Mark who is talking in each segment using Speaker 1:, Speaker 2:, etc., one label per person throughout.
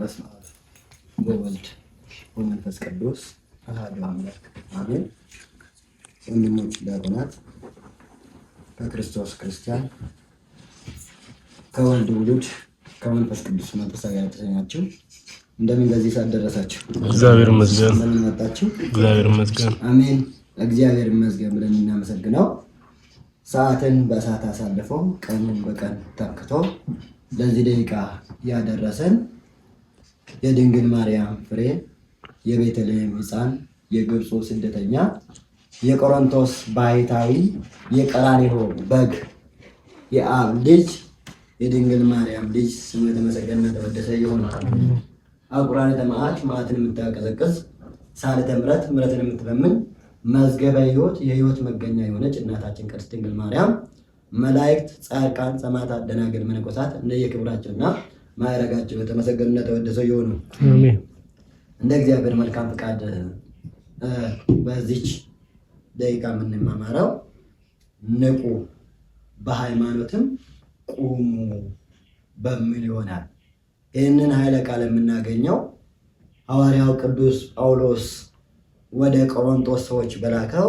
Speaker 1: በስመ አብ ወወልድ ወመንፈስ ቅዱስ አሐዱ አምላክ አሜን። ወንድሞች ዲያቆናት፣ በክርስቶስ ክርስቲያን፣ ከወልድ ውሉድ፣ ከመንፈስ ቅዱስ መንፈሳዊ ናቸው። እንደምን በዚህ ሰዓት ደረሳችሁ?
Speaker 2: እግዚአብሔር ይመስገን።
Speaker 1: እንደምን መጣችሁ?
Speaker 2: እግዚአብሔር ይመስገን።
Speaker 1: አሜን። እግዚአብሔር ይመስገን ብለን እናመሰግነው ሰዓትን በሰዓት አሳልፎ ቀኑን በቀን ተክቶ ለዚህ ደቂቃ ያደረሰን የድንግል ማርያም ፍሬ የቤተልሔም ሕፃን የግብፁ ስደተኛ የቆሮንቶስ ባሕታዊ የቀራንዮ በግ የአብ ልጅ የድንግል ማርያም ልጅ ስሙ የተመሰገነ ተወደሰ ይሆናል። አቁራሪተ ተማአት መዓትን የምታቀዘቅዝ ሳልተ ምረት ምረትን የምትለምን መዝገበ ሕይወት የሕይወት መገኛ የሆነች እናታችን ቅድስት ድንግል ማርያም መላእክት፣ ጻድቃን፣ ሰማዕታት፣ ደናግል፣ መነኮሳት እንደየክብራቸውና ማዕረጋቸው የተመሰገነና የተወደሰ ይሁን። እንደ እግዚአብሔር መልካም ፍቃድ በዚች ደቂቃ የምንማማረው ንቁ፣ በሃይማኖትም ቁሙ በሚል ይሆናል። ይህንን ኃይለ ቃል የምናገኘው ሐዋርያው ቅዱስ ጳውሎስ ወደ ቆሮንቶስ ሰዎች በላከው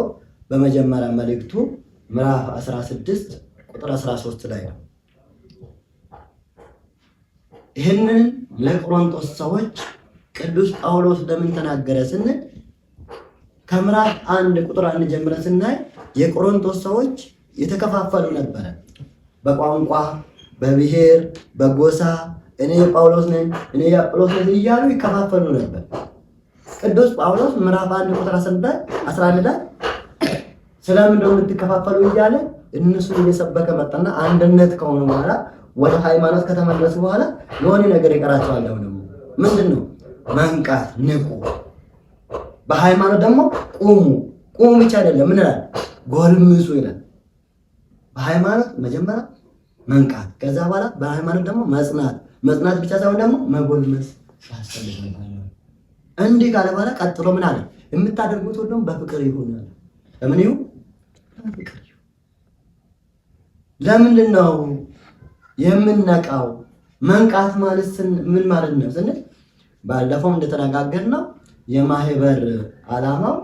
Speaker 1: በመጀመሪያ መልእክቱ ምዕራፍ 16 ቁጥር 13 ላይ ነው። ይህንን ለቆሮንቶስ ሰዎች ቅዱስ ጳውሎስ ለምን ተናገረ ስንል ከምዕራፍ አንድ ቁጥር አንድ ጀምረ ስናይ የቆሮንቶስ ሰዎች የተከፋፈሉ ነበረ። በቋንቋ፣ በብሔር፣ በጎሳ እኔ የጳውሎስ ነኝ፣ እኔ የአጵሎስ ነኝ እያሉ ይከፋፈሉ ነበር። ቅዱስ ጳውሎስ ምዕራፍ አንድ ቁጥር አስራ አንድ ላይ ስለምን ነው የምትከፋፈሉ እያለ እነሱን እየሰበከ መጣና አንድነት ከሆነ በኋላ ወደ ሃይማኖት ከተመለሱ በኋላ የሆነ ነገር ይቀራቸዋል። ደግሞ ምንድን ነው መንቃት፣ ንቁ። በሃይማኖት ደግሞ ቁሙ። ቁሙ ብቻ አይደለም ምን ይላል? ጎልምሱ ይላል። በሃይማኖት መጀመሪያ መንቃት፣ ከዛ በኋላ በሃይማኖት ደግሞ መጽናት። መጽናት ብቻ ሳይሆን ደግሞ መጎልመስ ያስፈልጋል። እንዲህ ካለ በኋላ ቀጥሎ ምን አለ? የምታደርጉት ሁሉም በፍቅር ይሆናል። ለምን ይሁን? በፍቅር ለምንድን ነው የምንነቃው። መንቃት ማለት ምን ማለት ነው ስንል ባለፈው እንደተነጋገር ነው የማህበር ዓላማው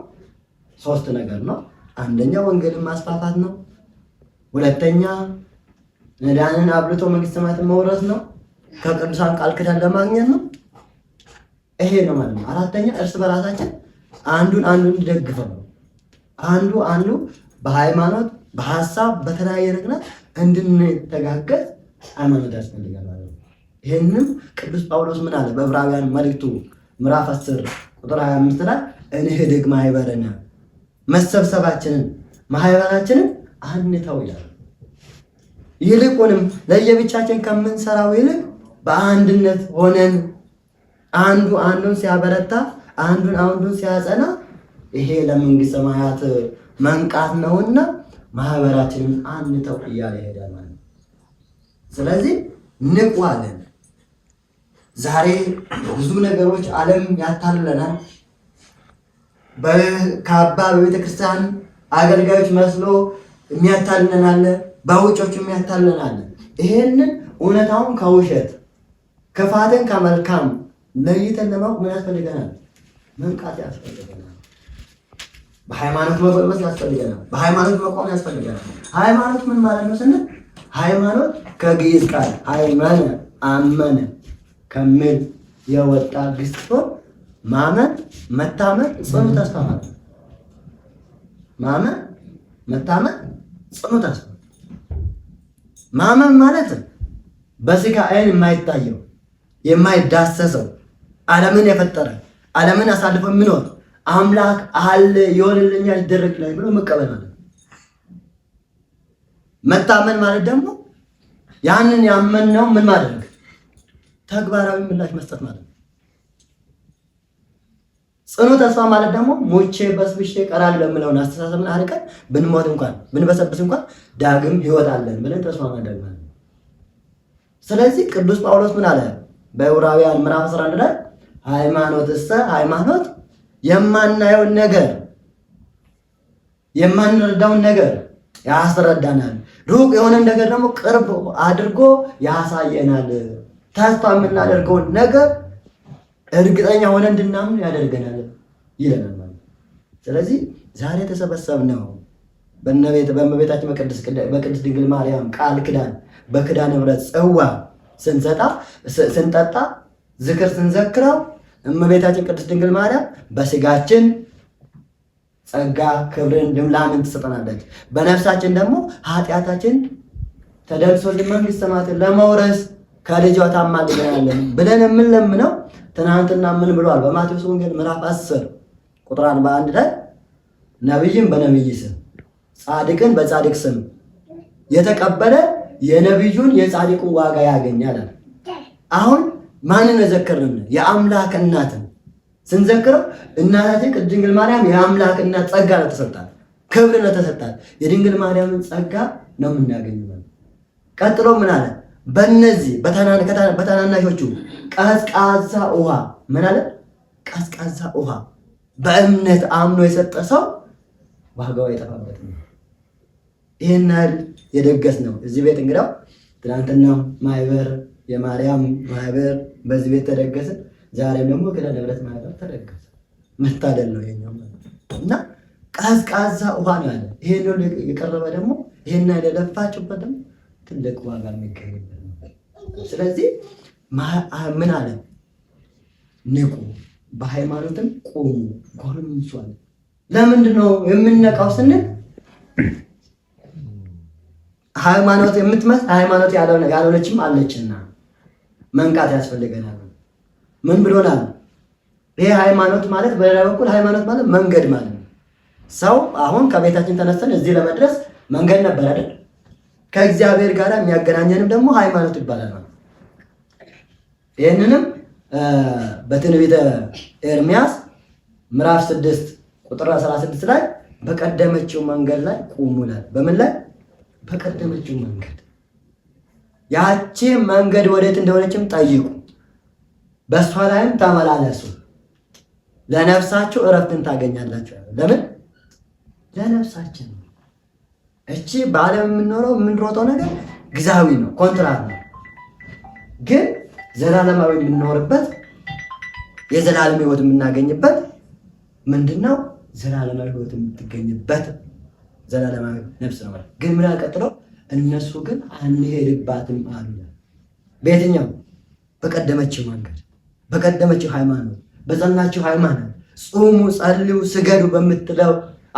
Speaker 1: ሶስት ነገር ነው። አንደኛ ወንጌልን ማስፋፋት ነው። ሁለተኛ ነዳንን አብልቶ መንግስተ ሰማያትን መውረስ ነው። ከቅዱሳን ቃል ኪዳን ለማግኘት ነው። ይሄ ነው ማለት ነው። አራተኛ እርስ በራሳችን አንዱን አንዱን እንደግፈው ነው። አንዱ አንዱ በሃይማኖት በሀሳብ በተለያየ ነገር እንድንተጋገዝ ሃይማኖት ያስፈልጋል ማለት ነው። ይህንም ቅዱስ ጳውሎስ ምን አለ? በዕብራውያን መልእክቱ ምዕራፍ 10 ቁጥር 25 ላይ ደግ ማህበርነ መሰብሰባችንን ማህበራችንን አንተው ይላል። ይልቁንም ለየብቻችን ከምንሰራው ይልቅ በአንድነት ሆነን አንዱ አንዱን ሲያበረታ፣ አንዱን አንዱን ሲያጸና ይሄ ለመንግሥተ ሰማያት መንቃት ነውና ማህበራችንን አንተው እያለ ይሄዳል ማለት ነው። ስለዚህ ንቁ አለን። ዛሬ ብዙ ነገሮች ዓለም ያታልለናል። በካባ በቤተክርስቲያን አገልጋዮች መስሎ የሚያታልለናለ፣ በውጮች የሚያታልለናለ። ይሄንን እውነታውን ከውሸት ክፋትን ከመልካም ለይተን ለማወቅ ምን ያስፈልገናል? መንቃት ያስፈልገናል። በሃይማኖት መበልበስ ያስፈልገናል። በሃይማኖት መቆም ያስፈልገናል። ሃይማኖት ምን ማለት ነው ስንል ሃይማኖት ከግዕዝ ቃል ሃይመነ አመነ ከሚል የወጣ ግስ ሲሆን ማመን መታመን ጽኑ ተስፋ ማለት ነው። ማመን መታመን ጽኑ ተስፋ ማመን ማለት በስጋ አይን የማይታየው የማይዳሰሰው ዓለምን የፈጠረ ዓለምን አሳልፎ የሚኖር አምላክ አለ ይሆንልኛል ላይ ብሎ መቀበል ማለት ነው። መታመን ማለት ደግሞ ያንን ያመንነው ምን ማድረግ ተግባራዊ ምላሽ መስጠት ማለት ነው። ጽኑ ተስፋ ማለት ደግሞ ሞቼ በስብሼ ቀራል ለምለውን አስተሳሰብን አርቀን ብንሞት እንኳን ብንበሰብስ እንኳን ዳግም ህይወት አለን ብለን ተስፋ ማድረግ ማለት ነው። ስለዚህ ቅዱስ ጳውሎስ ምን አለ በዕብራውያን ምዕራፍ 11 ላይ ሃይማኖት እሰ ሃይማኖት የማናየውን ነገር የማንረዳውን ነገር ያስረዳናል ሩቅ የሆነ ነገር ደግሞ ቅርብ አድርጎ ያሳየናል። ተስፋ የምናደርገውን ነገር እርግጠኛ ሆነ እንድናምን ያደርገናል ይለናል ማለት ነው። ስለዚህ ዛሬ የተሰበሰብነው በእመቤታችን በቅድስት ድንግል ማርያም ቃል ክዳን በኪዳነ ምሕረት ጽዋ ስንጠጣ ዝክር ስንዘክረው እመቤታችን ቅድስት ድንግል ማርያም በስጋችን ጸጋ ክብርን ልምላምን ትሰጠናለች። በነፍሳችን ደግሞ ኃጢአታችን ተደምሶ መንግሥተ ሰማያትን ለመውረስ ከልጇ ታማልደናለን ብለን የምንለምነው ትናንትና ምን ብለዋል? በማቴዎስ ወንጌል ምዕራፍ 10 ቁጥር 41 ላይ ነቢይን በነቢይ ስም ጻድቅን በጻድቅ ስም የተቀበለ የነቢዩን የጻድቁን ዋጋ ያገኛል። አሁን ማንን ዘከርን? የአምላክ እናትን ስንዘክረው እናታችን ቅድስት ድንግል ማርያም የአምላክና እናት ጸጋ ነው ተሰጣት፣ ክብር ነው ተሰጣት። የድንግል ማርያምን ጸጋ ነው የምናገኘው። ቀጥሎ ምን አለ? በእነዚህ በታናናሾቹ ቀዝቃዛ ውሃ ምን አለ? ቀዝቃዛ ውሃ በእምነት አምኖ የሰጠ ሰው ዋጋው አይጠፋበት ነው። ይህን ያህል የደገስ ነው። እዚህ ቤት እንግዳው ትናንትና ማህበር የማርያም ማህበር በዚህ ቤት ተደገስን። ዛሬም ደግሞ ኪዳነ ምሕረት ማህበር ተደገፈ። መታደል ነው ይሄኛው እና ቀዝቃዛ ውሃ ነው ያለ። ይሄን ሁሉ የቀረበ ደግሞ ይሄን የለፋችሁበት ደግሞ ትልቅ ዋጋ የሚገኝበት ነው። ስለዚህ ምን አለ ንቁ፣ በሃይማኖትም ቆሙ፣ ጎርምሱ አለ። ለምንድን ነው የምንነቃው ስንል ሃይማኖት የምትመስ ሃይማኖት ያልሆነችም አለችና መንቃት ያስፈልገናል። ምን ብሎናል? ይሄ ሃይማኖት ማለት በሌላ በኩል ሃይማኖት ማለት መንገድ ማለት ነው። ሰው አሁን ከቤታችን ተነስተን እዚህ ለመድረስ መንገድ ነበር አይደል? ከእግዚአብሔር ጋር የሚያገናኘንም ደግሞ ሃይማኖት ይባላል ማለት ይህንንም በትንቢተ ኤርሚያስ ምዕራፍ 6 ቁጥር 16 ላይ በቀደመችው መንገድ ላይ ቁሙ ይላል። በምን ላይ? በቀደመችው መንገድ። ያቺ መንገድ ወዴት እንደሆነችም ጠይቁ በእሷ ላይም ተመላለሱ ለነፍሳችሁ እረፍትን ታገኛላችሁ። ለምን ለነፍሳችን ነው። እቺ በዓለም የምንኖረው የምንሮጠው ነገር ግዛዊ ነው፣ ኮንትራት ነው። ግን ዘላለማዊ የምንኖርበት የዘላለም ህይወት የምናገኝበት ምንድን ነው? ዘላለማዊ ህይወት የምትገኝበት ዘላለማዊ ነፍስ ነው። ግን ምን ያልቀጥለው እነሱ ግን አንሄድባትም አሉ። በየትኛው በቀደመችው መንገድ በቀደመችው ሃይማኖት፣ በጸናችው ሃይማኖት ጹሙ፣ ጸልዩ፣ ስገዱ በምትለው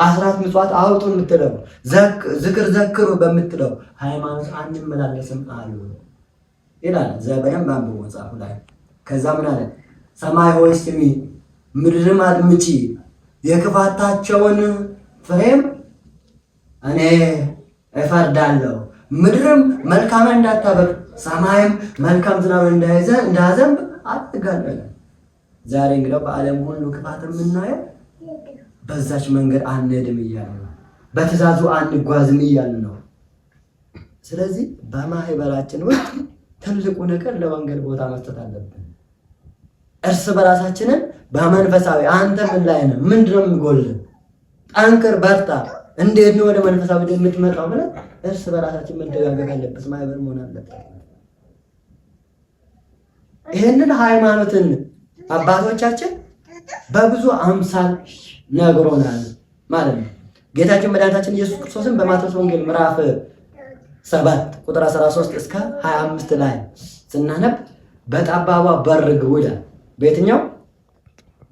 Speaker 1: አስራት ምጽዋት አውጡ የምትለው ዝክር ዘክሩ በምትለው ሃይማኖት አንመላለስም አሉ ይላል። እዛ በደንብ አንብቡ መጽሐፉ ላይ። ከዛ ምን አለ? ሰማይ ሆይ ስሚ፣ ምድርም አድምጪ፣ የክፋታቸውን ፍሬም እኔ እፈርዳለሁ፣ ምድርም መልካም እንዳታበቅ ሰማይም መልካም ዝናብን እንዳይዘ እንዳዘንብ አትጋለለን። ዛሬ እንግዲህ በዓለም ሁሉ ክፋት የምናየው በዛች መንገድ አንሄድም እያለ ነው። በትእዛዙ አንጓዝም እያለ ነው። ስለዚህ በማህበራችን ውስጥ ትልቁ ነገር ለወንጌል ቦታ መስጠት አለብን። እርስ በራሳችንን በመንፈሳዊ አንተ ምን ላይ ነህ? ምንድነው የምጎልህ? ጠንክር፣ በርታ፣ እንዴት ነው ወደ መንፈሳዊ የምትመጣው ብለን እርስ በራሳችን መደጋገፍ አለበት። ማህበር መሆን አለበት። ይህንን ሃይማኖትን አባቶቻችን በብዙ አምሳል ነግሮናል ማለት ነው። ጌታችን መድኃኒታችን ኢየሱስ ክርስቶስን በማቴዎስ ወንጌል ምዕራፍ 7 ቁጥር 13 እስከ 25 ላይ ስናነብ በጠባቧ በር ግቡ ይላል። በየትኛው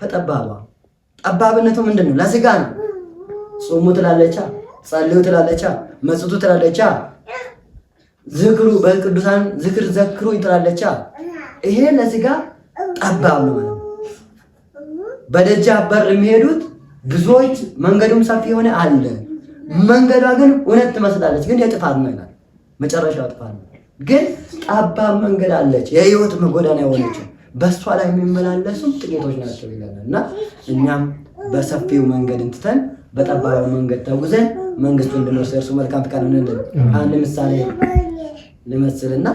Speaker 1: በጠባቧ ጠባብነቱ ምንድን ነው? ለስጋ ነው። ጹሙ ትላለቻ፣ ጸልዩ ትላለቻ፣ መጽቱ ትላለቻ፣ ዝክሩ በቅዱሳን ዝክር ዘክሩ ይጥላለቻ ይሄ ለስጋ ጠባብ ነው ማለት ነው። በር የሚሄዱት ብዙዎች መንገዱም ሰፊ የሆነ አለ። መንገዷ ግን እውነት ትመስላለች፣ ግን የጥፋት ነው ይላል። መጨረሻው ጥፋት ነው። ግን ጠባብ መንገድ አለች፣ የህይወት መጎዳና የሆነችው በእሷ ላይ የሚመላለሱ ጥቂቶች ናቸው ይላል እና እኛም በሰፊው መንገድ እንትተን በጠባብ መንገድ ተጉዘን መንግስቱ እንድንወርስ እርሱ መልካም ፍቃድ ሆነልን። አንድ ምሳሌ ልመስልና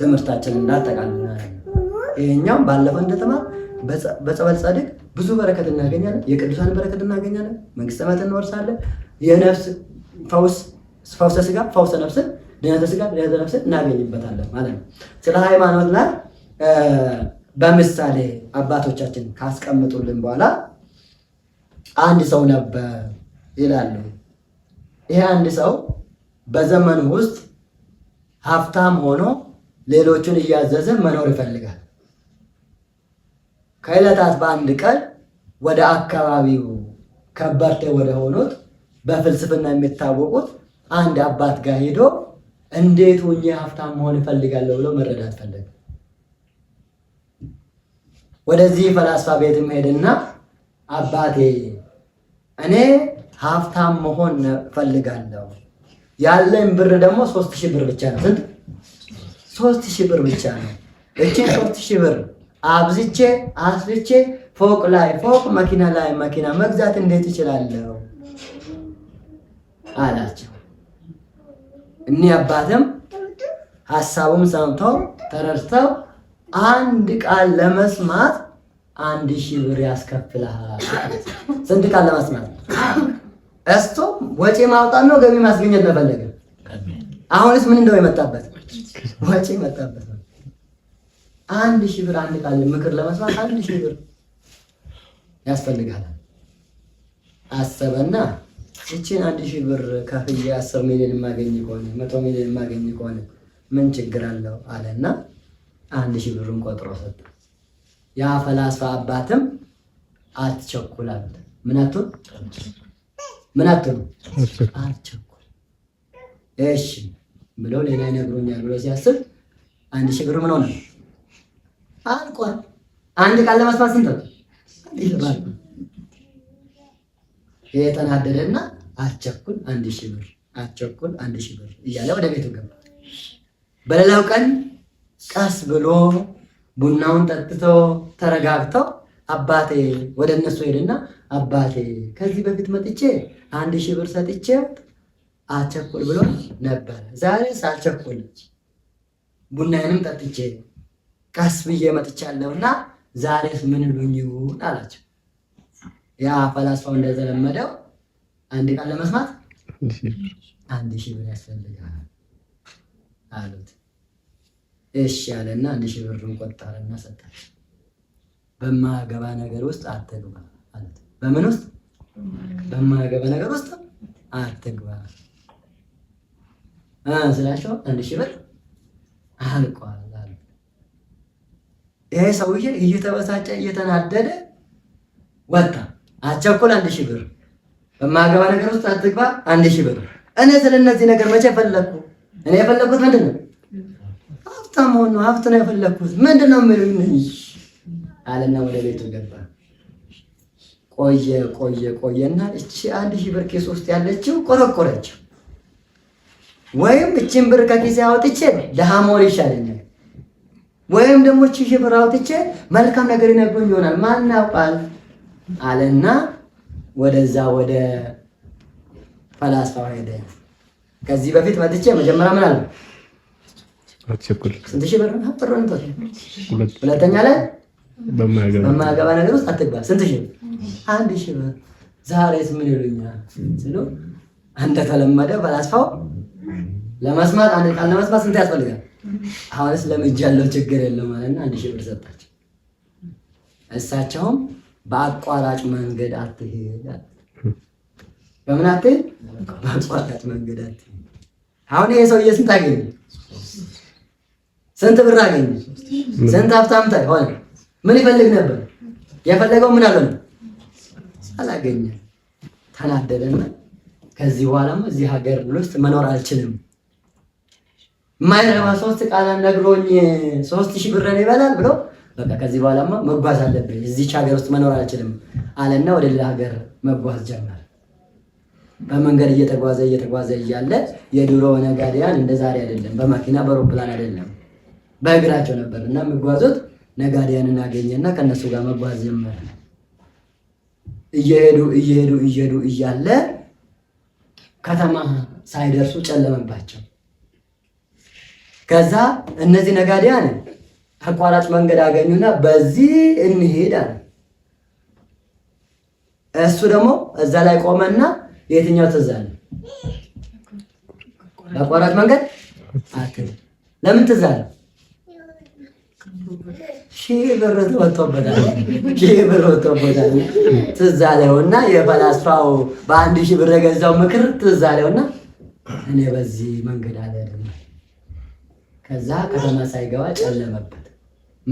Speaker 1: ትምህርታችንን ላጠቃልላለን። ይሄኛውም ባለፈው እንደተማር በጸበል ጻድቅ ብዙ በረከት እናገኛለን። የቅዱሳን በረከት እናገኛለን። መንግስተ ሰማያት እንወርሳለን። የነፍስ ፈውስ፣ ፈውሰ ስጋ፣ ፈውሰ ነፍስን፣ ድነተ ስጋ፣ ድነተ ነፍስን እናገኝበታለን ማለት ነው። ስለ ሃይማኖት ላይ በምሳሌ አባቶቻችን ካስቀምጡልን በኋላ አንድ ሰው ነበር ይላሉ። ይሄ አንድ ሰው በዘመኑ ውስጥ ሀብታም ሆኖ ሌሎቹን እያዘዘ መኖር ይፈልጋል። ከዕለታት በአንድ ቀን ወደ አካባቢው ከበርቴ ወደ ሆኑት በፍልስፍና የሚታወቁት አንድ አባት ጋር ሄዶ እንዴት ሁኜ ሀብታም መሆን እፈልጋለሁ ብሎ መረዳት ፈለገ። ወደዚህ ፈላስፋ ቤትም ሄድና አባቴ እኔ ሀብታም መሆን እፈልጋለሁ ያለኝ ብር ደግሞ ሶስት ሺህ ብር ብቻ ነው። ስንት? ሶስት ሺህ ብር ብቻ ነው። እቺ ሶስት ሺህ ብር አብዝቼ አስርቼ ፎቅ ላይ ፎቅ፣ መኪና ላይ መኪና መግዛት እንዴት እችላለሁ አላቸው። እኒህ አባትም ሀሳቡም ሰምተው ተረድተው አንድ ቃል ለመስማት አንድ ሺህ ብር ያስከፍልሃል። ስንት ቃል ለመስማት እስቶ ወጪ ማውጣት ነው ገቢ ማስገኘት መፈለግም። አሁንስ ምን እንደው የመጣበት ወጪ መጣበት አንድ ሺህ ብር አንድ ቃል ምክር ለመስማት አንድ ሺህ ብር ያስፈልጋል። አሰበና ይችን አንድ ሺህ ብር ከፍዬ አስር ሚሊዮን የማገኝ ከሆነ መቶ ሚሊዮን የማገኝ ከሆነ ምን ችግር አለው አለና አንድ ሺህ ብሩን ቆጥሮ ሰጠ። ያ ፈላስፋ አባትም አትቸኩላል። ምናቱን ምናቱን አትቸኩል እሺ ብለው ሌላ ይነግሩኛል ብሎ ሲያስብ አንድ ሺህ ብር ምን ሆነ? አልቋል። አንድ ቃል ለመስማት ስንት ነው? የተናደደና አቸኩል አንድ ሺህ ብር አቸኩል አንድ ሺህ ብር እያለ ወደ ቤቱ ገባ። በሌላው ቀን ቀስ ብሎ ቡናውን ጠጥቶ ተረጋግተው አባቴ ወደ እነሱ ሄድና አባቴ ከዚህ በፊት መጥቼ አንድ ሺህ ብር ሰጥቼ አቸኩል ብሎ ነበረ። ዛሬ ሳልቸኩል ቡናዬንም ጠጥቼ ቀስ ብዬ መጥቻለሁ እና ዛሬስ ምን ሉኝ ይሁን አላቸው። ያ ፈላስፋው እንደዘለመደው አንድ ቃል ለመስማት አንድ ሺህ ብር ያስፈልጋል አሉት። እሺ ያለና አንድ ሺህ ብሩን ቆጠረና ሰጣቸው። በማገባ ነገር ውስጥ አትግባ አሉት። በምን ውስጥ? በማገባ ነገር ውስጥ አትግባ ስላቸው አንድ ሺህ ብር አልቋል። ይሄ ሰውዬ እየተበሳጨ እየተናደደ ወጣ። አቸኩል አንድ ሺህ ብር በማገባ ነገር ውስጥ አትግባ፣ አንድ ሺህ ብር። እኔ ስለነዚህ ነገር መቼ ፈለግኩ? እኔ የፈለግኩት ምንድን ነው? ሀብታም ሆኖ ሀብት ነው የፈለግኩት። ምንድን ነው አለና ወደ ቤቱ ገባ። ቆየ ቆየ ቆየና እቺ አንድ ሺህ ብር ኬስ ውስጥ ያለችው ቆረቆረችው። ወይም እቺን ብር ከኪሴ አውጥቼ ደሃ ይሻለኛል ወይም ደግሞ ቺሽ ሺህ ብር መልካም ነገር ይነግሩኝ ይሆናል ማን ያውቃል አለና ወደዛ ወደ ፈላስፋው ሄደ። ከዚህ በፊት መጥቼ መጀመሪያ ምን አለ ስንት ሺህ ብር ብር ሁለተኛ ላይ በማያገባ ነገር ውስጥ አትግባ። ስንት ሺህ አንድ ሺህ ብር ዛሬስ ምን ይሉኛል ስሉ እንደተለመደ ፈላስፋው ለመስማት አንድ ቃል ለመስማት ስንት ያስፈልጋል? አሁንስ ለምጅ ያለው ችግር የለም አለና አንድ ሺህ ብር ሰጣቸው። እሳቸውም በአቋራጭ መንገድ አትሄድ፣ በምን አትሄድ? በአቋራጭ መንገድ አትሄድ። አሁን ይሄ ሰውዬ ስንት አገኘ? ስንት ብር አገኘ? ስንት ሀብታም ሆነ? ምን ይፈልግ ነበር? የፈለገው ምን አለ? ነው አላገኘ። ተናደደና ከዚህ በኋላማ እዚህ ሀገር ውስጥ መኖር አልችልም ማይረባ ሶስት ቃላ ነግሮኝ ሶስት ሺህ ብር ይበላል ብሎ በቃ ከዚህ በኋላማ መጓዝ አለብኝ እዚች ሀገር ውስጥ መኖር አልችልም አለና ወደ ሌላ ሀገር መጓዝ ጀመር። በመንገድ እየተጓዘ እየተጓዘ እያለ የድሮ ነጋዴያን እንደ ዛሬ አይደለም፣ በመኪና በአውሮፕላን አይደለም፣ በእግራቸው ነበር እና የሚጓዙት። ነጋዴያንን አገኘና ከእነሱ ጋር መጓዝ ጀመረ። እየሄዱ እየሄዱ እየሄዱ እያለ ከተማ ሳይደርሱ ጨለመባቸው። ከዛ እነዚህ ነጋዴያን አቋራጭ መንገድ አገኙና በዚህ እንሄድ አለ። እሱ ደግሞ እዛ ላይ ቆመና የትኛው ትዝ አለ? አቋራጭ መንገድ አትል። ለምን ትዝ አለ? ሺህ ብር ወጥቶበታል። ሺህ ብር ወጥቶበታል። ትዝ አለውና የፈላስፋው በአንድ ሺህ ብር የገዛው ምክር ትዝ አለውና እኔ በዚህ መንገድ አለ ከዛ ከተማ ሳይገባ ጨለመበት፣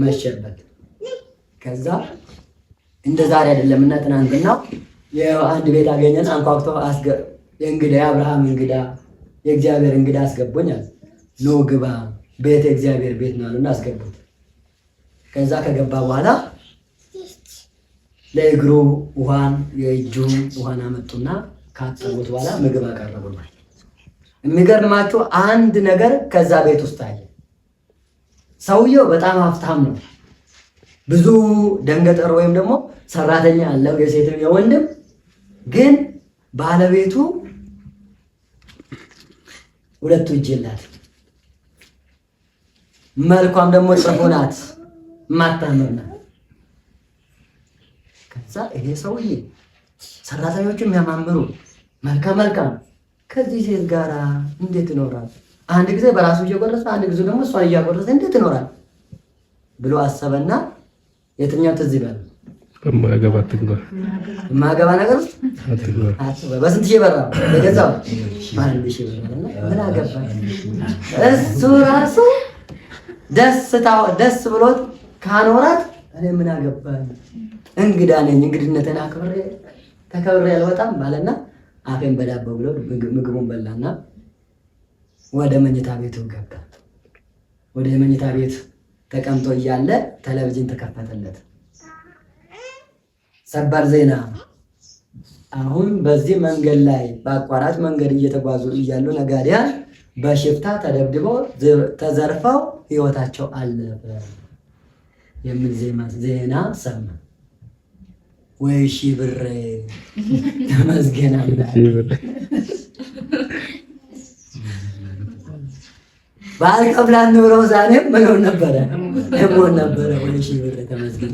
Speaker 1: መሸበት። ከዛ እንደ ዛሬ አይደለም እና ትናንትና የአንድ ቤት አገኘን። አንኳኩቶ የእንግዳ የአብርሃም እንግዳ የእግዚአብሔር እንግዳ አስገቡኝ አለ። ኖ ግባ ቤት እግዚአብሔር ቤት ነው አሉና አስገቡት። ከዛ ከገባ በኋላ ለእግሩ ውሃን የእጁን ውሃን አመጡና ካጠቡት በኋላ ምግብ አቀረቡላል። የሚገርማችሁ አንድ ነገር ከዛ ቤት ውስጥ አየ። ሰውየው በጣም ሀብታም ነው። ብዙ ደንገጠር ወይም ደግሞ ሰራተኛ ያለው የሴትም የወንድም ግን ባለቤቱ ሁለቱ እጅ የላት። መልኳም ደግሞ ጽፉ ናት፣ ከዛ ይሄ ሰውዬ ሰራተኞቹ የሚያማምሩ መልካ መልካም ከዚህ ሴት ጋራ እንዴት ይኖራል? አንድ ጊዜ በራሱ እየጎረሰ አንድ ጊዜ ደግሞ እሷን እያጎረሰ እንዴት ይኖራል ብሎ አሰበና የትኛው ትዝ ይበል?
Speaker 2: ማገባ ትግባ
Speaker 1: ማገባ ነገር በስንት ሺህ በራ የገዛው በአንድ ሺህ ምን አገባ እሱ ራሱ ደስ ብሎት ካኖራት እኔ ምን አገባ እንግዳ ነኝ፣ እንግድነትን አክብሬ ተከብሬ አልወጣም ማለትና አፌን በዳቦ ብሎ ምግቡን በላና ወደ መኝታ ቤቱ ገባ። ወደ መኝታ ቤት ተቀምጦ እያለ ቴሌቪዥን ተከፈተለት። ሰበር ዜና አሁን በዚህ መንገድ ላይ በአቋራጭ መንገድ እየተጓዙ እያሉ ነጋዴያን በሽፍታ ተደብድበው ተዘርፈው ህይወታቸው አለፈ የሚል ዜና ሰማ። ወይ ሺህ ብሬ ተመስገን በዓል ኑሮ እንብረው ዛሬም ነበረ ሞን ነበረ ወይ ሺህ ብር ተመስገን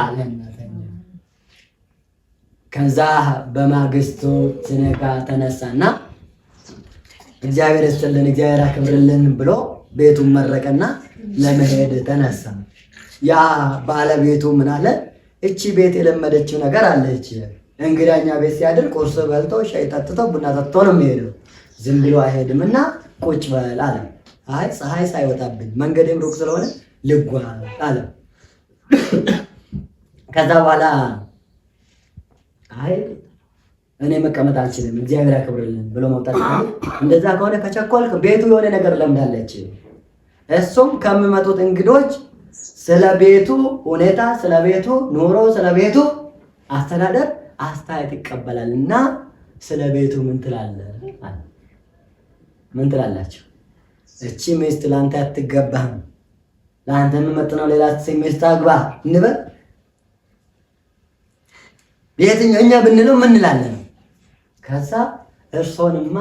Speaker 1: አለን። ከዛ በማግስቱ ሲነጋ ተነሳና እግዚአብሔር ይስጥልን እግዚአብሔር አክብርልን ብሎ ቤቱን መረቀና ለመሄድ ተነሳ። ያ ባለቤቱ ምን አለ? እቺ ቤት የለመደችው ነገር አለች። እንግዳኛ ቤት ሲያድር ቁርስ በልቶ ሻይ ጠጥቶ ቡና ጠጥቶ ነው የሚሄደው። ዝም ብሎ አይሄድም እና ቁጭ በል አለ። አይ ፀሐይ ሳይወጣብኝ መንገዴም ሩቅ ስለሆነ ልጓ አለ። ከዛ በኋላ አይ እኔ መቀመጥ አልችልም እግዚአብሔር ያክብርልን ብሎ መውጣት። እንደዛ ከሆነ ከቸኮልክ ቤቱ የሆነ ነገር ለምዳለች። እሱም ከሚመጡት እንግዶች ስለ ቤቱ ሁኔታ፣ ስለ ቤቱ ኑሮ፣ ስለ ቤቱ አስተዳደር አስተያየት ይቀበላል እና ስለ ቤቱ ምን ትላለህ? ምን ትላላችሁ? እቺ ሚስት ለአንተ አትገባህም፣ ለአንተ የምመጥነው ሌላ ሚስት አግባ እንበል። የትኛው እኛ ብንለው ምን እንላለን? ከዛ እርሶንማ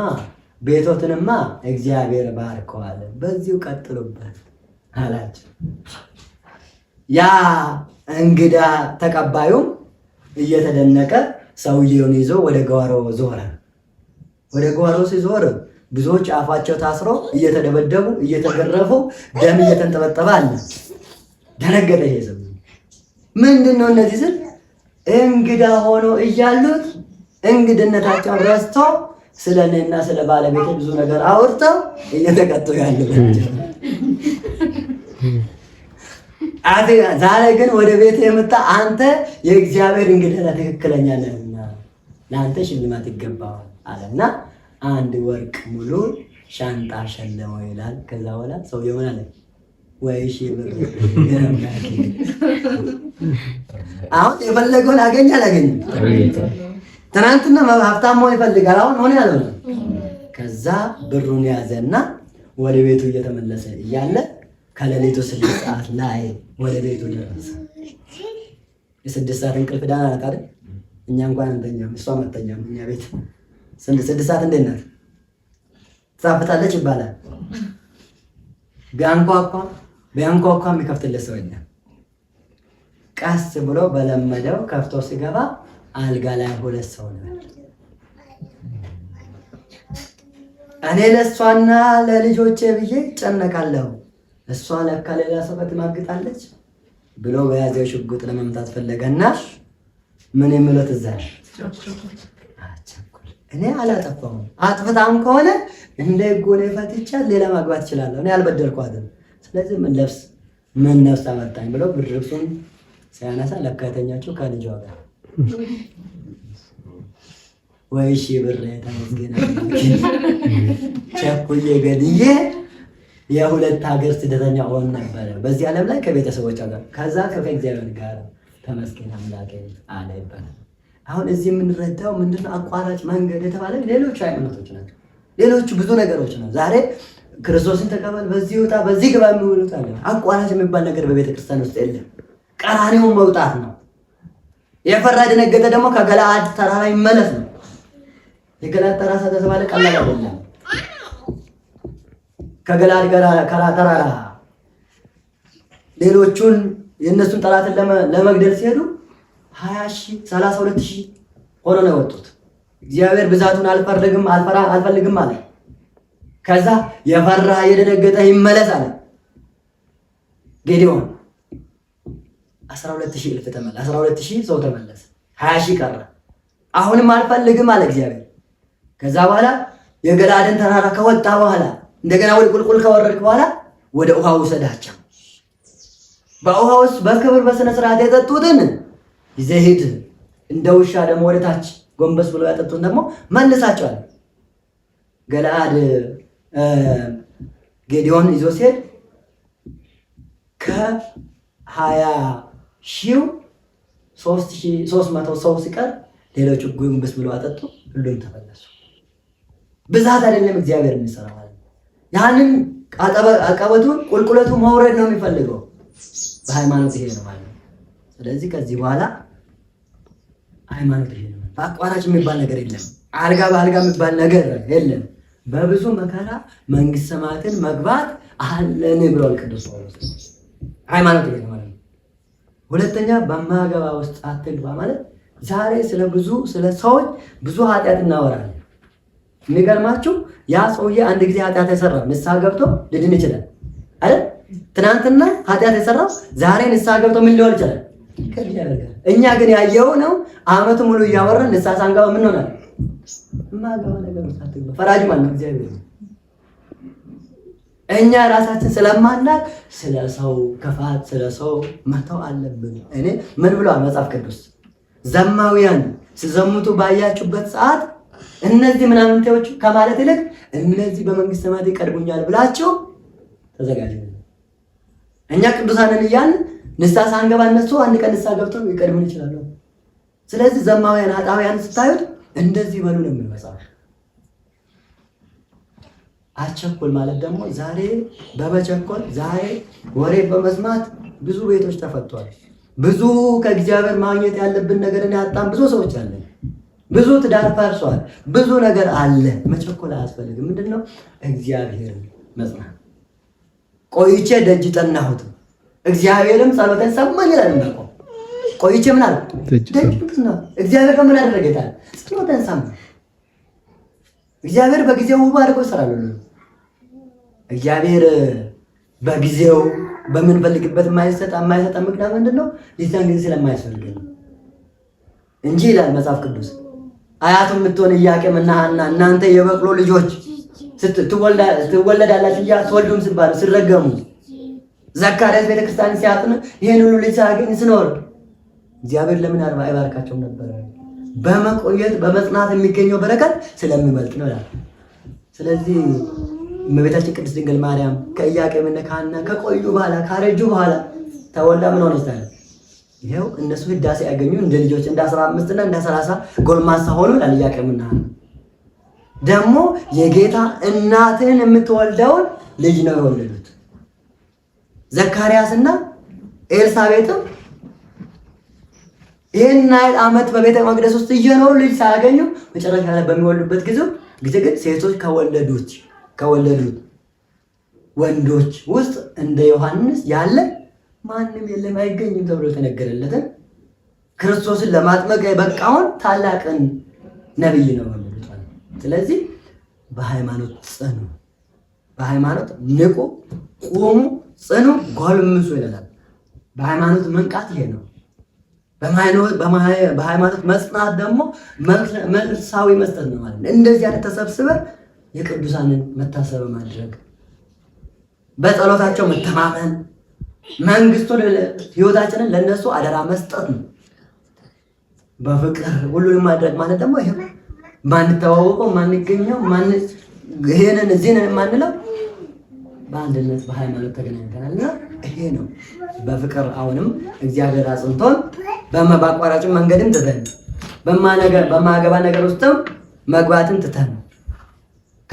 Speaker 1: ቤቶትንማ እግዚአብሔር ባርከዋል፣ በዚሁ ቀጥሉበት አላቸው። ያ እንግዳ ተቀባዩም እየተደነቀ ሰውየውን ይዞ ወደ ጓሮ ዞረ። ወደ ጓሮ ሲዞር ብዙዎች አፋቸው ታስረው እየተደበደቡ እየተገረፉ ደም እየተንጠበጠበ አለ። ደነገጠ ይሄ ሰው። ምንድን ነው እነዚህ ስል እንግዳ ሆኖ እያሉት እንግድነታቸውን ረስቶ ስለ እኔና ስለ ባለቤት ብዙ ነገር አውርተው እየተቀጡ ያለ ዛሬ ግን ወደ ቤት የመጣ አንተ የእግዚአብሔር እንግዳ ትክክለኛ ነህና ለአንተ ሽልማት ይገባዋል አለና አንድ ወርቅ ሙሉ ሻንጣ ሸለመው ይላል። ከዛ በኋላ ሰው የሆነ አለ ወይ ሺ ብር አሁን የፈለገውን አገኘ አላገኘም። ትናንትና ሀብታም መሆን ይፈልጋል። አሁን ሆን ያለው ከዛ ብሩን ያዘና ወደ ቤቱ እየተመለሰ እያለ ከሌሊቱ ስድስት ሰዓት ላይ ወደ ቤቱ ደረሰ። የስድስት ሰዓት እንቅልፍ ዳና ናት አይደል? እኛ እንኳን አንተኛም፣ እሷ መተኛም እኛ ቤት ስድስት ሰዓት እንዴት ናት? ትሳፍታለች ይባላል። ቢያንኳኳ ቢያንኳኳ የሚከፍትለት ሰው የለም። ቀስ ብሎ በለመደው ከፍቶ ሲገባ አልጋ ላይ ሁለት ሰው ነው። እኔ ለእሷና ለልጆቼ ብዬ ጨነቃለሁ፣ እሷ ለካ ሌላ ሰው ትማግጣለች ብሎ በያዘው ሽጉጥ ለመምታት ፈለገና ምን የሚለው ትዛል እኔ አላጠፋሁም። አጥፍታም ከሆነ እንደ ጎኔ ፈትቻ ሌላ ማግባት እችላለሁ። እኔ አልበደልኳትም። ስለዚህ ምን ለብስ ምን ነፍስ አመጣኝ ብለው ብር ልብሱን ሲያነሳ ለካ ከልጇ ጋር ወይ ሺ ብር ተመስገን ቸኩዬ ገድዬ የሁለት ሀገር ስደተኛ ሆን ነበረ በዚህ ዓለም ላይ ከቤተሰቦቿ ጋር ከዛ ከፈ እግዚአብሔር ጋር ተመስገን አምላኬ አለ ይባላል። አሁን እዚህ የምንረዳው ምንድነው አቋራጭ መንገድ የተባለ ሌሎቹ ሃይማኖቶች ናቸው። ሌሎቹ ብዙ ነገሮች ነው። ዛሬ ክርስቶስን ተቀበል፣ በዚህ ወጣ፣ በዚህ ግባ የሚውሉት አለ። አቋራጭ የሚባል ነገር በቤተ ክርስቲያን ውስጥ የለም። ቀራኔውን መውጣት ነው። የፈራ የደነገጠ ደግሞ ከገለአድ ተራራ ይመለስ ነው። የገለአድ ተራራ ተባለ ቀላል አይደለም። ከገለአድ ተራራ ሌሎቹን የእነሱን ጠላትን ለመግደል ሲሄዱ ሀያ ሺህ ሰላሳ ሁለት ሺህ ሆኖ ነው የወጡት። እግዚአብሔር ብዛቱን አልፈልግም አልፈራ አልፈልግም አለ። ከዛ የፈራ የደነገጠ ይመለስ አለ። ጌዲዮን አስራ ሁለት ሺህ እልፍ ተመለሰ። አስራ ሁለት ሺህ ሰው ተመለሰ። ሀያ ሺ ቀረ። አሁንም አልፈልግም አለ እግዚአብሔር። ከዛ በኋላ የገላደን ተራራ ከወጣ በኋላ እንደገና ወደ ቁልቁል ከወረድክ በኋላ ወደ ውሃ ውሰዳቸው። በውሃ ውስጥ በክብር በስነ ስርዓት የጠጡትን ይዘህ ሂድ። እንደ ውሻ ደግሞ ወደታች ጎንበስ ብሎ ያጠጡን ደግሞ መልሳቸዋል። ገለአድ ጌዲዮን ይዞ ሲሄድ ከሀያ ሺው ሶስት መቶ ሰው ሲቀር ሌሎቹ ጎንበስ ብሎ አጠጡ። ሁሉም ተመለሱ። ብዛት አይደለም እግዚአብሔር የሚሰራው ማለት ነው። ያንን አቀበቱን ቁልቁለቱ መውረድ ነው የሚፈልገው። በሃይማኖት ይሄ ነው ማለት ነው። ስለዚህ ከዚህ በኋላ ሃይማኖት ይሄ ነው። በአቋራጭ የሚባል ነገር የለም። አልጋ በአልጋ የሚባል ነገር የለም። በብዙ መከራ መንግስት ሰማያትን መግባት አለን ብለዋል ቅዱስ ጳውሎስ። ሃይማኖት ይሄ ማለት ነው። ሁለተኛ በማገባ ውስጥ አትግባ ማለት ዛሬ ስለ ብዙ ስለ ሰዎች ብዙ ኃጢአት እናወራለን። የሚገርማችሁ ያ ሰውዬ አንድ ጊዜ ኃጢአት የሰራ ንስሐ ገብቶ ልድን ይችላል አይደል? ትናንትና ኃጢአት የሰራው ዛሬ ንስሐ ገብቶ ምን ሊሆን ይችላል? እኛ ግን ያየው ነው። አመቱ ሙሉ እያወራን ንስሐ ሳንገባ ምን ሆናል? ማገባ ነገር ሳትገባ ፈራጅ ማለት ነው እግዚአብሔር። እኛ ራሳችን ስለማናቅ ስለ ሰው ክፋት፣ ስለ ሰው መተው አለብን። እኔ ምን ብሏል መጽሐፍ ቅዱስ? ዘማውያን ሲዘሙቱ ባያችሁበት ሰዓት እነዚህ ምናምንቴዎቹ ከማለት ይልቅ እነዚህ በመንግስት ሰማያት ይቀድሙኛል ብላችሁ ተዘጋጁ። እኛ ቅዱሳንን እያልን ንስሐ ሳንገባ እነሱ አንድ ቀን ንስሐ ገብተው ይቀድሙን ይችላሉ። ስለዚህ ዘማውያን አጣውያን ስታዩት እንደዚህ በሉ ነው የሚመጣው። አቸኩል ማለት ደግሞ ዛሬ በመቸኮል ዛሬ ወሬ በመስማት ብዙ ቤቶች ተፈቷል። ብዙ ከእግዚአብሔር ማግኘት ያለብን ነገር ያጣም ብዙ ሰዎች አለ። ብዙ ትዳር ፈርሷል። ብዙ ነገር አለ። መቸኮል አያስፈልግም። ነው እግዚአብሔር መጽናት ቆይቼ ደጅ ጠናሁት እግዚአብሔርም ጸሎትን ሰማ ይላል። እንደቆ ቆይቼ ምን አለ እግዚአብሔር ከምን አደረገ ይላል። ጸሎትን ሰማ እግዚአብሔር በጊዜው ውብ አድርጎ ይሰራል። ነው እግዚአብሔር በጊዜው በምንፈልግበት የማይሰጥ የማይሰጥ ምክንያት ምንድን ነው? የዚያን ጊዜ ስለማያስፈልገን እንጂ ይላል መጽሐፍ ቅዱስ። አያቱም የምትሆን ኢያቄም እና ሐና እናንተ የበቅሎ ልጆች ትወለዳላችሁ እያ ትወልዱም ሲባሉ ሲረገሙ ዘካርያስ ቤተክርስቲያን ሲያጥን ይህን ሁሉ ልጅ ሳያገኝ ስኖር እግዚአብሔር ለምን አይባርካቸውም ነበረ? በመቆየት በመጽናት የሚገኘው በረከት ስለሚበልጥ ነው ይላል። ስለዚህ እመቤታችን ቅድስት ድንግል ማርያም ከኢያቄምና ከሐና ከቆዩ በኋላ ካረጁ በኋላ ተወልዳ ምን ሆነች ይኸው እነሱ ህዳሴ ያገኙ እንደ ልጆች እንደ 15 እና እንደ 30 ጎልማሳ ሆኑ ይላል። ኢያቄምና ደግሞ የጌታ እናትን የምትወልደውን ልጅ ነው የወለዱት። ዘካርያስና ኤልሳቤጥም ይህን አይል ዓመት በቤተ መቅደስ ውስጥ እየኖሩ ልጅ ሳያገኙ መጨረሻ ላይ በሚወልዱበት ጊዜ ጊዜ ግን ሴቶች ከወለዱት ከወለዱት ወንዶች ውስጥ እንደ ዮሐንስ ያለ ማንም የለም አይገኝም ተብሎ የተነገረለትን ክርስቶስን ለማጥመቅ የበቃውን ታላቅን ነቢይ ነው ወለዱት። ስለዚህ በሃይማኖት ጽኑ፣ በሃይማኖት ንቁ፣ ቁሙ። ጽኑ ጎልምሱ ይላል። በሃይማኖት መንቃት ይሄ ነው። በሃይማኖት መጽናት ደግሞ መልሳዊ መስጠት ነው ማለት ነው። እንደዚህ አይነት ተሰብስበን የቅዱሳንን መታሰብ ማድረግ፣ በጸሎታቸው መተማመን፣ መንግስቱን ህይወታችንን ለነሱ አደራ መስጠት ነው። በፍቅር ሁሉንም ማድረግ ማለት ደግሞ ይሄ ማንተዋወቀው ማንገኘው ይሄንን እዚህን የማንለው በአንድነት በሃይማኖት ተገናኝተናል ይሄ ነው በፍቅር አሁንም እግዚአብሔር አጽንቶን በአቋራጭ መንገድም ትተን በማገባ ነገር ውስጥም መግባትን ትተን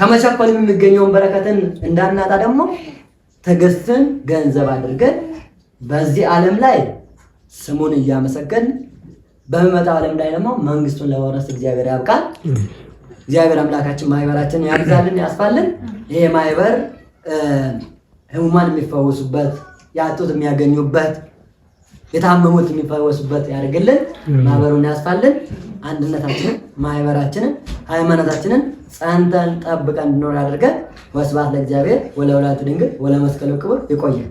Speaker 1: ከመቸኮል የሚገኘውን በረከትን እንዳናጣ ደግሞ ትዕግስትን ገንዘብ አድርገን በዚህ ዓለም ላይ ስሙን እያመሰገን በሚመጣው ዓለም ላይ ደግሞ መንግስቱን ለመውረስ እግዚአብሔር ያብቃል። እግዚአብሔር አምላካችን ማህበራችን ያግዛልን፣ ያስፋልን። ይሄ ማህበር ህሙማን የሚፈወሱበት፣ ያጡት የሚያገኙበት፣ የታመሙት የሚፈወሱበት ያደርግልን። ማህበሩን ያስፋልን። አንድነታችንን፣ ማህበራችንን፣ ሃይማኖታችንን ጸንተን ጠብቀን እንድኖር አድርገን። ወስብሐት ለእግዚአብሔር ወለወላዲቱ ድንግል ወለመስቀሉ ክቡር። ይቆያል።